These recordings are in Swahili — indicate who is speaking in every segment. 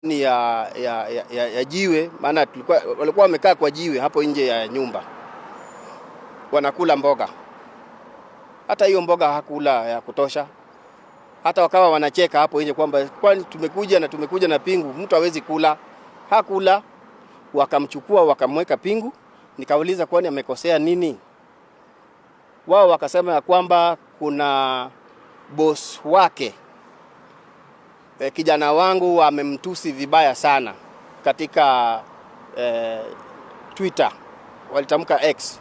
Speaker 1: ya, ya, ya, ya jiwe, maana walikuwa wamekaa kwa jiwe hapo nje ya nyumba, wanakula mboga. Hata hiyo mboga hakula ya kutosha, hata wakawa wanacheka hapo nje kwamba kwani tumekuja na tumekuja na pingu, mtu hawezi kula, hakula. Wakamchukua wakamweka pingu, nikauliza kwani amekosea nini? Wao wakasema ya kwamba kuna boss wake e, kijana wangu amemtusi vibaya sana katika e, Twitter walitamka X.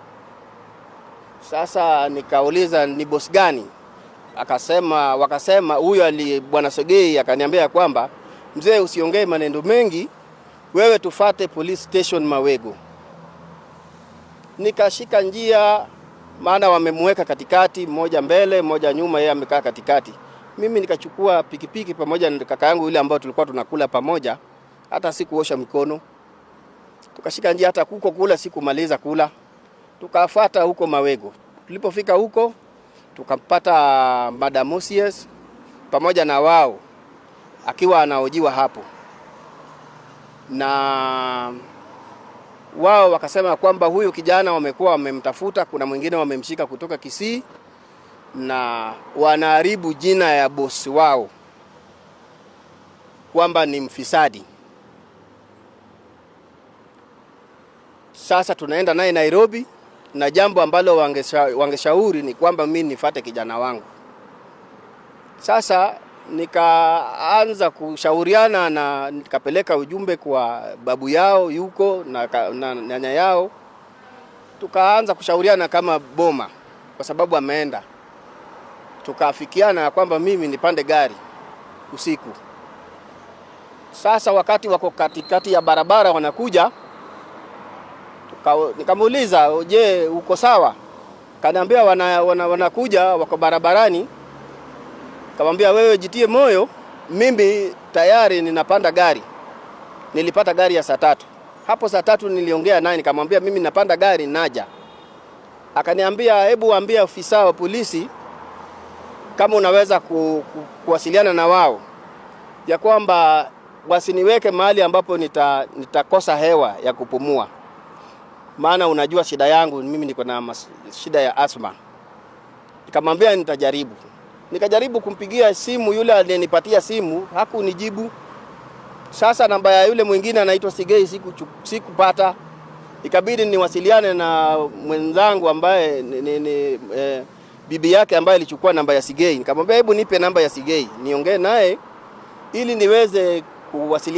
Speaker 1: Sasa nikauliza ni boss gani? Akasema, wakasema huyo ali bwana Sogei akaniambia kwamba mzee, usiongee maneno mengi, wewe tufate police station Mawego. Nikashika njia, maana wamemweka katikati, mmoja mbele, mmoja nyuma, yeye amekaa katikati mimi nikachukua pikipiki pamoja na kaka yangu yule ambao tulikuwa tunakula pamoja, hata sikuosha mikono. Tukashika njia, hata kuko kula sikumaliza kula, tukafuata huko Mawego. Tulipofika huko tukampata Madam Osies pamoja na wao akiwa anaojiwa hapo, na wao wakasema kwamba huyu kijana wamekuwa wamemtafuta, kuna mwingine wamemshika kutoka Kisii na wanaharibu jina ya bosi wao kwamba ni mfisadi. Sasa tunaenda naye Nairobi, na jambo ambalo wangesha, wangeshauri ni kwamba mimi nifate kijana wangu. Sasa nikaanza kushauriana na nikapeleka ujumbe kwa babu yao yuko na, na nyanya yao, tukaanza kushauriana kama boma, kwa sababu ameenda tukaafikiana ya kwamba mimi nipande gari usiku. Sasa wakati wako katikati ya barabara wanakuja, nikamuuliza je, uko sawa? Kaniambia wana, wana, wanakuja wako barabarani. Kamwambia wewe jitie moyo, mimi tayari ninapanda gari. Nilipata gari ya saa tatu. Hapo saa tatu niliongea naye nikamwambia mimi napanda gari naja. Akaniambia hebu waambie afisa wa polisi kama unaweza ku, ku, kuwasiliana na wao ya kwamba wasiniweke mahali ambapo nita, nitakosa hewa ya kupumua, maana unajua shida yangu mimi niko na shida ya asma. Nikamwambia nitajaribu, nikajaribu kumpigia simu yule aliyenipatia simu hakunijibu. Sasa namba ya yule mwingine anaitwa Sigei sikupata, siku ikabidi niwasiliane na mwenzangu ambaye ni, ni, ni, eh, bibi yake ambaye alichukua namba ya Sigei. Nikamwambia hebu nipe namba ya Sigei niongee naye ili niweze kuwasiliana.